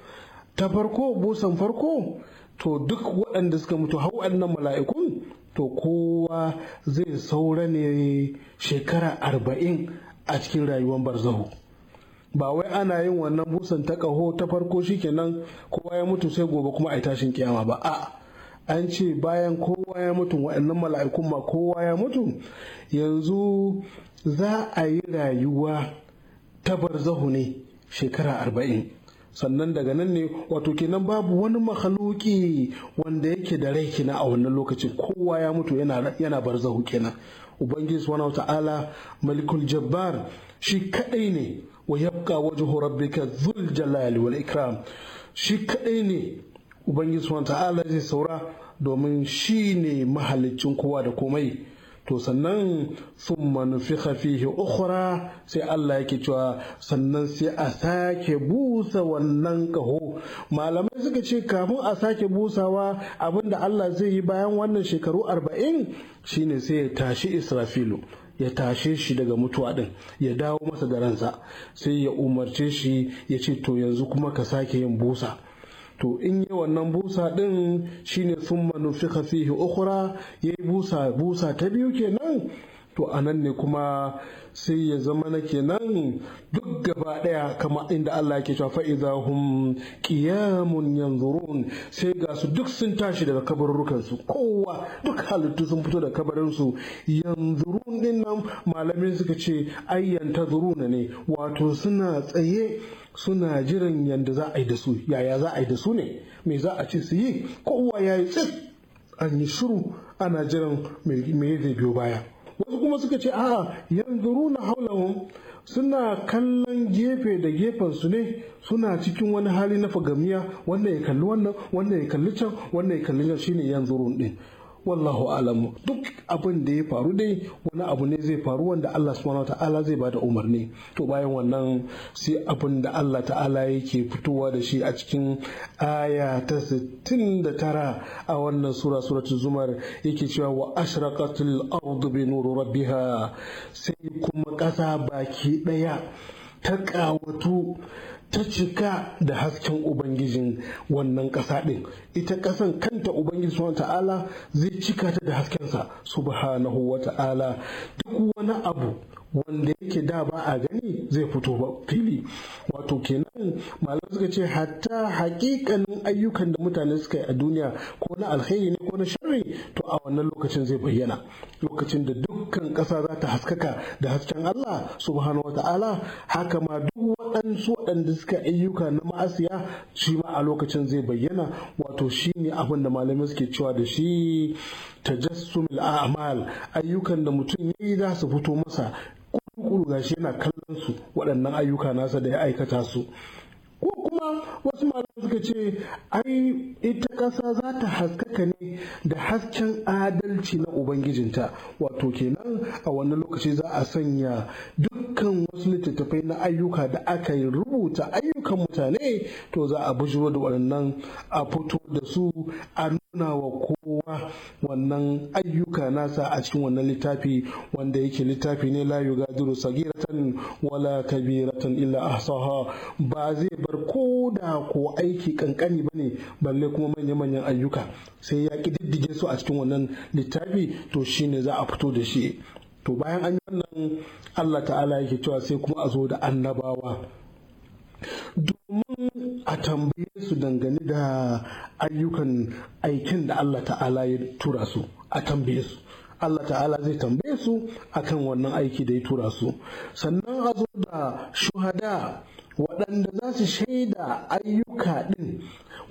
ta farko busan farko to duk waɗanda suka mutu hau waɗannan mala'ikun to kowa zai saura ne shekara arba'in a cikin rayuwar barzahu ba wai ana yin wannan busan ta kaho ta farko shikenan kowa ya mutu sai gobe kuma a yi tashin kiyama ba a an ce bayan kowa ya mutu waɗannan mala'ikun ma kowa ya mutu yanzu za a yi rayuwa ta barzahu ne shekara arba'in sannan daga nan ne wato kenan babu wani mahaluki wanda yake da rai kina a wannan lokacin kowa ya mutu yana yana barzahu kenan ubangiji subhanahu ta'ala malikul jabbar shi kadai ne wa yabqa wajhu rabbika dhul jalali wal ikram shi kadai ne ubangiji subhanahu ta'ala zai saura domin shi ne mahalicin kowa da komai to sannan sun manufi fihi ukhra sai Allah yake cewa sannan sai a sake busa wannan kaho malamai suka ce kafin a sake busawa abinda Allah zai yi bayan wannan shekaru arba'in shine sai ya tashi Israfilu ya tashe shi daga mutuwa din ya dawo masa da ransa sai ya umarce shi ya ce to yanzu kuma ka sake yin busa to in yi wannan busa din shine sun manufi fihi ukhra yayi busa busa ta biyu kenan to a nan ne kuma sai ya zama na kenan duk gaba daya kama inda Allah yake cewa fa'iza hum qiyamun yanzurun sai ga su duk sun tashi daga kabarrukansu, su kowa duk halittu sun fito da kabarinsu. su yanzurun din nan malamin suka ce ayyan zuruna ne wato suna tsaye suna jiran yadda za a yi da su yaya za a yi da su ne me za a ce su yi kowa ya yi tsif an yi shiru ana jiran me zai biyo baya wasu kuma suka ce a'a yanzu na haulahun suna kallon gefe da gefen su ne suna cikin wani hali na fagamiya wannan ya kalli wannan wannan ya kalli can wannan ya kalli can shine yanzu din wallahu alamu duk abin da ya faru dai wani abu ne zai faru wanda Allah subhanahu ta'ala zai bada umarni to bayan wannan sai abin da Allah ta'ala yake fitowa da shi a cikin aya ta 69 a wannan sura suratul zumar yake cewa wa ashraqatil ardu bi nuri rabbiha sai kuma kasa baki daya ta kawatu ta cika da hasken ubangijin wannan ƙasa ɗin ita ƙasan kanta ubangiji subhanahu ta'ala zai cika ta da haskensa subhanahu wa ta'ala duk wani abu wanda yake da ba a gani zai fito ba fili wato kenan malam suka ce hatta hakikanin ayyukan da mutane suka yi a duniya ko na alheri ne ko na sharri to a wannan lokacin zai bayyana lokacin da dukkan ƙasa za ta haskaka da hasken Allah subhanahu wa ta'ala haka ma duk waɗansu waɗanda suka ayyuka na ma'asiya shi ma a lokacin zai bayyana wato shine ne abin da malamai suke cewa da shi tajassumul a'mal ayyukan da mutum ya yi za su fito masa ga shi yana kallon su waɗannan ayyuka nasa da ya aikata su ko kuma wasu malamai suka ce ai ita ƙasa za ta haskaka ne da hasken adalci na ubangijinta wato kenan a wannan lokaci za a sanya dukkan wasu littattafai na ayyuka da aka yi rubuta ayyukan mutane to za a bujiro da waɗannan a fito da su a nuna wa kowa wannan ayyuka nasa a cikin wannan littafi wanda yake littafi ne la yugadiru sagiratan wala kabiratan illa ahsaha ba zai bar ko da ko aiki kankani bane ne balle kuma manya-manyan ayyuka sai ya ƙididdige su a cikin wannan littafi to shine za a fito da shi to bayan an yi wannan allah ta'ala yake cewa sai kuma a zo da annabawa domin a tambaye su dangane da ayyukan aikin da allah ta'ala ya tura su a tambaye su Allah ta'ala zai tambaye su akan wannan aiki da ya tura su sannan a zo da shuhada waɗanda za su shaida ayyuka ɗin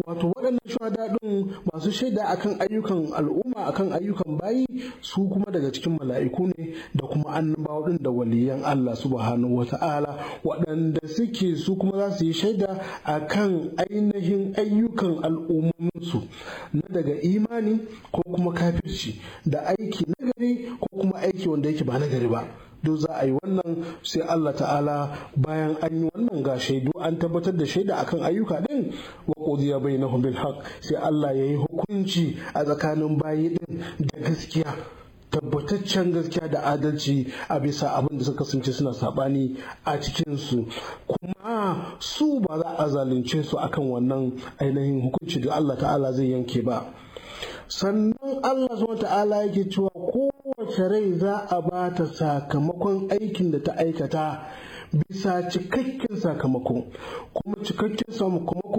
wato waɗannan shuhada ɗin masu shaida akan ayyukan al'umma akan ayyukan bayi su kuma daga cikin mala'iku ne da kuma annabawa ɗin da waliyan Allah subhanahu wata'ala waɗanda suke su kuma za su yi shaida akan ainihin ayyukan al'ummansu na daga imani ko kuma kafirci da aiki nagari ko kuma aiki wanda yake ba nagari ba duk za a yi wannan sai Allah ta'ala bayan an yi wannan ga shaidu an tabbatar da shaida akan ayyuka din wa qudiya bainahum bil haqq sai Allah ya yi hukunci a tsakanin bayi din da gaskiya tabbataccen gaskiya da adalci a bisa abin da suka sunce suna sabani a cikin su kuma su ba za a zalunce su akan wannan ainihin hukunci da Allah ta'ala zai yanke ba. sannan Allah subhanahu ta'ala yake cewa kowace rai za a ba ta sakamakon aikin da ta aikata bisa cikakken sakamako kuma cikakken sakamako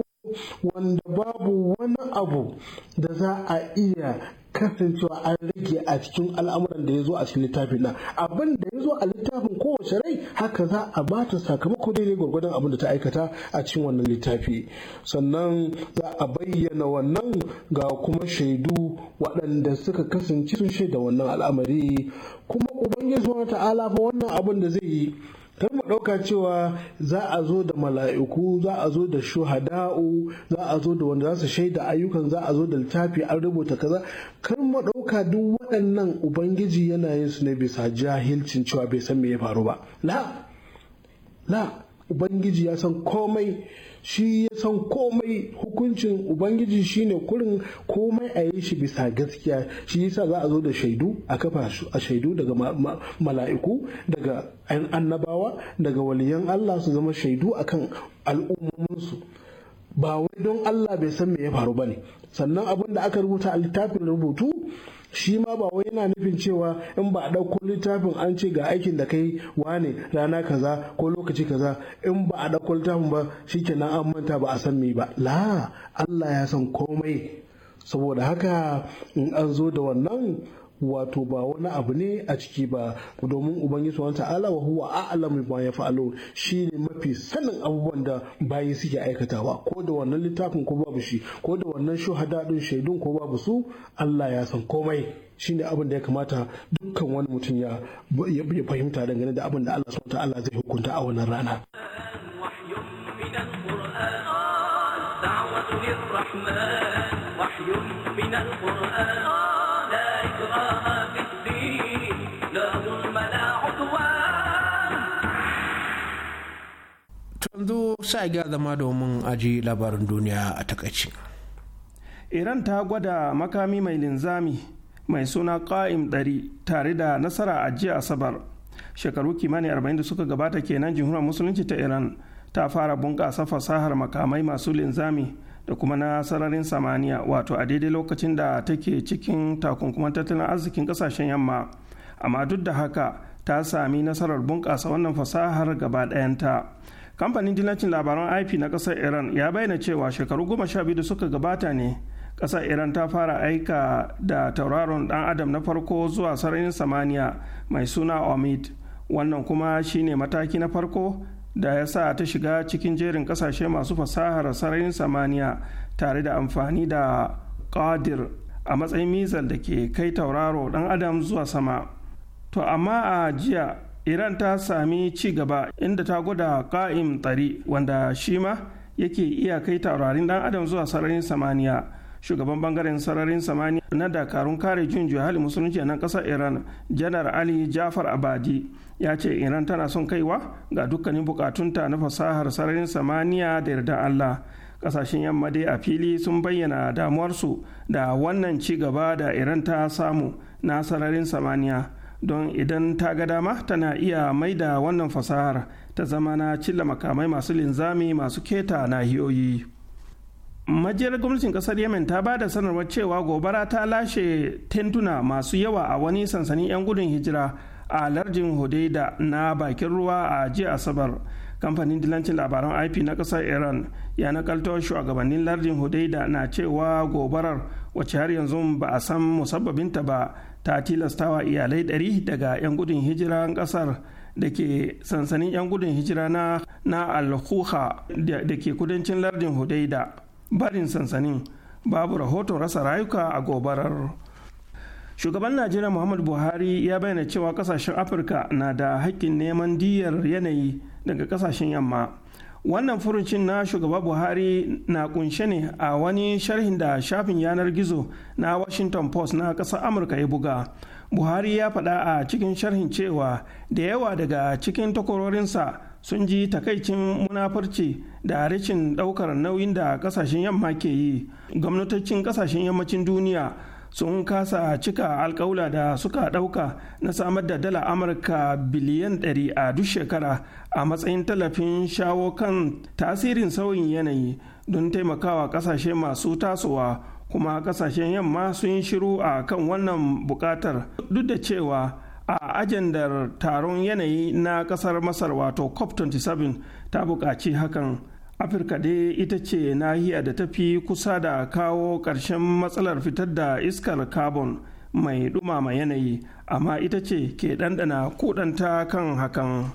wanda babu wani abu da za a iya kasancewa an rage a cikin al'amuran da ya zo a cikin littafin nan abin da ya zo a littafin kowace rai haka za a bata sakamako daidai gwargwadon abin da ta aikata a cikin wannan littafi sannan za a bayyana wannan ga kuma shaidu waɗanda suka kasance sun shaida wannan al'amari kuma ubangiji ta'ala fa wannan abin da zai yi kar mu ɗauka cewa za a zo da mala'iku za a zo da shuhada'u za a zo da wanda za su shaida ayyukan za a zo da littafi an rubuta kaza kar mu ɗauka duk waɗannan ubangiji yana yin su ne bisa jahilcin cewa bai san me ya faru ba la la ubangiji ya san komai shi ya san komai hukuncin ubangiji shine kurin komai a yi shi bisa gaskiya shi yasa za a zo da shaidu a kafa a shaidu daga mala'iku daga 'yan annabawa daga waliyan Allah su zama shaidu akan al'ummominsu ba wai don Allah bai san me ya faru bane sannan abin da aka rubuta a littafin rubutu shi ma ba wai yana nufin cewa in ba a ɗauko littafin an ce ga aikin da kai wane rana kaza ko lokaci kaza in ba a ɗauko littafin ba shi kenan an manta ba a san me ba la Allah ya san komai saboda haka in an zo da wannan wato ba wani abu ne a ciki ba domin ubangiji subhanahu ta'ala wa huwa a'lamu bima shi shine mafi sanin abubuwan da bayi suke aikatawa ko da wannan littafin ko babu shi ko da wannan shuhada din shaidun ko babu su Allah ya san komai shine abin da ya kamata dukkan wani mutum ya fahimta dangane da abin da Allah subhanahu ta'ala zai hukunta a wannan rana yanzu sa ga zama domin aji labarin duniya a takaici. iran ta gwada makami mai linzami mai suna ƙa'im ɗari tare da nasara a jiya asabar shekaru kimanin 40 da suka gabata kenan jihunan musulunci ta iran ta fara bunƙasa fasahar makamai masu linzami da kuma na sararin samaniya wato a daidai lokacin da take cikin takunkuman tattalin arzikin kasashen yamma amma duk da haka ta sami nasarar bunƙasa wannan fasahar gaba ɗayanta kamfanin dillacin labaran ip na kasar iran ya bayyana cewa shekaru goma sha biyu da suka gabata ne kasar iran ta fara aika da tauraron dan adam na farko zuwa sararin samaniya mai suna omid wannan kuma shine mataki na farko da ya sa ta shiga cikin jerin kasashe masu fasahar sararin samaniya tare da amfani da qadir a matsayin mizal da ke kai tauraro dan adam zuwa sama to amma a jiya iran ta sami ci gaba inda ta gwada ƙa'im tsari wanda shi ma yake iya kai taurarin dan adam zuwa sararin samaniya shugaban bangaren sararin samaniya na dakarun kare jin hali musulunci nan kasar iran janar ali jafar abadi ya ce iran tana son kaiwa ga dukkanin bukatunta na fasahar sararin samaniya da yarda allah kasashen yamma dai a fili sun bayyana damuwarsu da wannan ci gaba da iran ta samu na sararin samaniya don idan ta ga dama tana iya maida wannan fasahar ta zama na cilla makamai masu linzami masu keta nahiyoyi majiyar gwamnatin kasar yemen ta ba da sanarwar cewa gobara ta lashe tentuna masu yawa a wani sansanin 'yan gudun hijira a lardin hodeida na bakin ruwa a jiya asabar kamfanin dilancin labaran ip na kasar iran ya nakalto shugabannin lardin hudaida na cewa gobarar wacce har yanzu ba a san musabbabinta ba ta tilastawa iyalai 100 daga 'yan gudun hijira kasar da ke sansanin 'yan gudun hijira na alhuha da ke kudancin lardin hudaida barin sansanin babu rahoton rasa rayuka a gobarar shugaban najeriya muhammadu buhari ya bayyana cewa kasashen afirka na da hakkin neman diyar yanayi daga kasashen yamma wannan furucin na shugaba buhari na kunshe ne a wani sharhin da shafin yanar gizo na washington post na ƙasar amurka ya buga buhari ya faɗa a cikin sharhin cewa da yawa daga cikin takwarorinsa sun ji takaicin munafurci da rashin ɗaukar nauyin da kasashen yamma ke yi gwamnatocin ƙasashen yammacin duniya sun kasa cika alkawula da suka ɗauka na samar da dala amurka biliyan 100 a duk shekara a matsayin tallafin shawo kan tasirin sauyin yanayi don taimakawa ƙasashe masu tasowa kuma ƙasashen yamma sun shiru a kan wannan buƙatar duk da cewa a ajandar taron yanayi na ƙasar masar wato cop 27 ta buƙaci hakan afirka dai ita ce nahiya da ta fi kusa da kawo ƙarshen matsalar fitar da iskar carbon mai ɗumama yanayi amma ita ce ke ɗanɗana kuɗanta kan hakan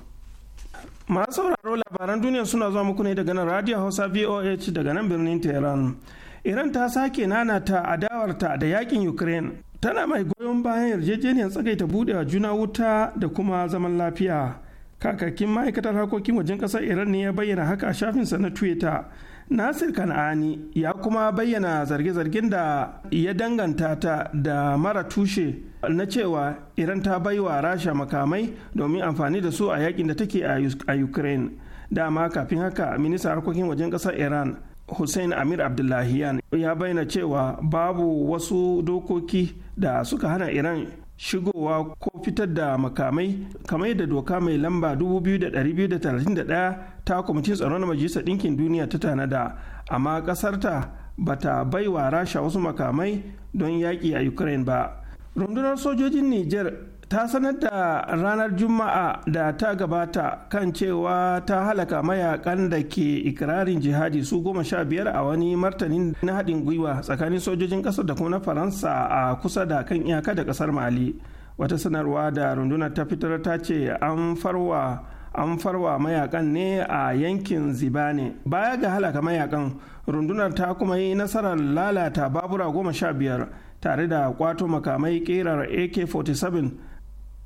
masu sauraro labaran duniya suna zuwa muku ne daga nan radio hausa voh daga nan birnin tehran iran ta sake nanata adawarta da yakin ukraine tana mai goyon bayan yarjejeniyar tsagaita buɗewa juna wuta da kuma zaman lafiya kakakin ma'aikatar harkokin wajen ƙasar iran ne ya bayyana haka a shafinsa na twitter nasir kan'ani ya kuma bayyana zarge-zargen da ya danganta ta da mara tushe na cewa iran ta bai wa rasha makamai domin amfani da su a yakin da take a ukraine dama kafin haka ministan harkokin wajen ƙasar iran hussein amir abdullahiyan ya bayyana cewa babu wasu dokoki da suka hana iran shigowa ko fitar da makamai kamar yadda doka mai lamba 2231 ta kwamitin tsaro na majalisar ɗinkin duniya ta tanada amma ƙasarta ba ta baiwa rasha wasu makamai don yaƙi a ukraine ba rundunar sojojin niger ta sanar da ranar juma'a da ta gabata kan cewa ta halaka mayakan da ke ikirarin jihadi su goma sha biyar a wani martanin na haɗin gwiwa tsakanin sojojin ƙasar da kuma na faransa a kusa da kan iyaka da ƙasar mali wata sanarwa da rundunar ta fitar ta ce an farwa an farwa mayakan ne a yankin zibane baya ga halaka mayakan rundunar ta kuma yi nasarar lalata babura goma sha biyar tare da kwato makamai kerar ak-47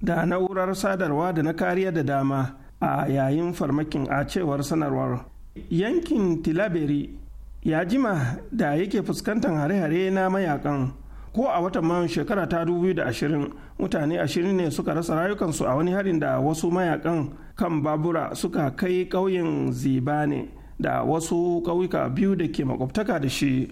da na'urar sadarwa da na kariya da dama a yayin farmakin a cewar sanarwar yankin tilaberi ya jima da yake fuskantar hare-hare na mayakan ko a watan mayun shekara ta 2020 mutane ashirin ne suka rasa rayukansu a wani harin da wasu mayakan kan babura suka kai ƙauyen zibane da wasu ƙauyuka biyu da ke makwabtaka da shi.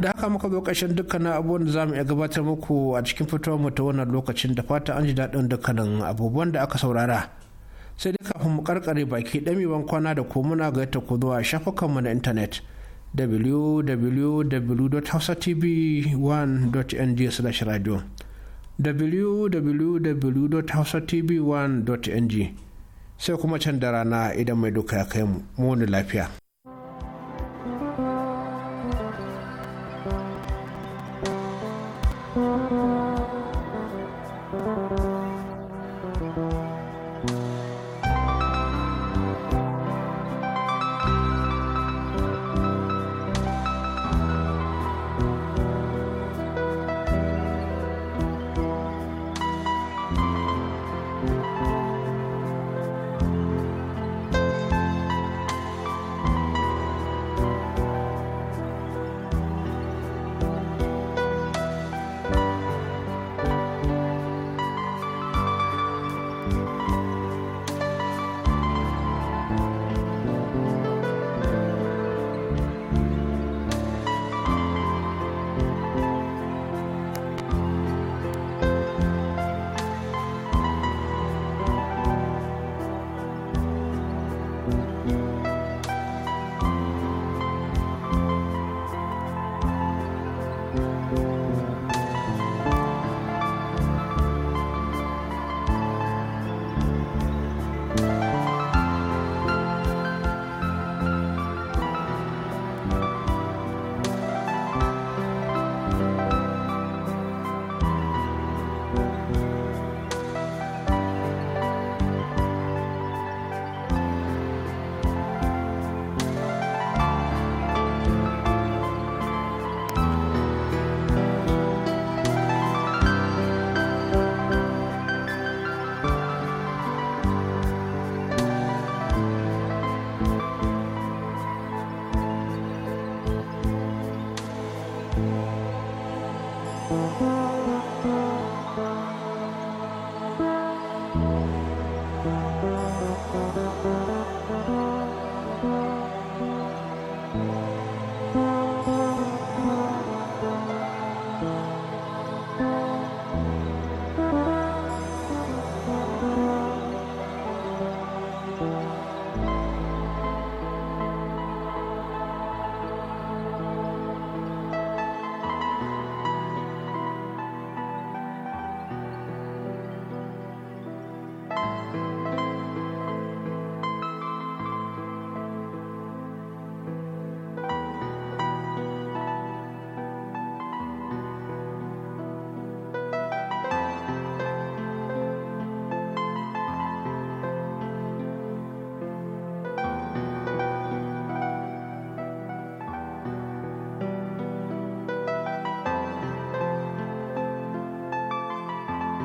da haka muka zo ƙarshen dukkanin abubuwan da za mu iya gabatar muku a cikin fitowar mu ta wannan lokacin da fata an ji daɗin dukkanin abubuwan da aka saurara sai dai kafin mu karkare baki ban kwana da ku muna ga yadda ku zuwa shafukanmu na intanet www.hausatv1.ng/radio www.hausatv1.ng sai kuma can da rana idan mai duka ya kai mu mu lafiya.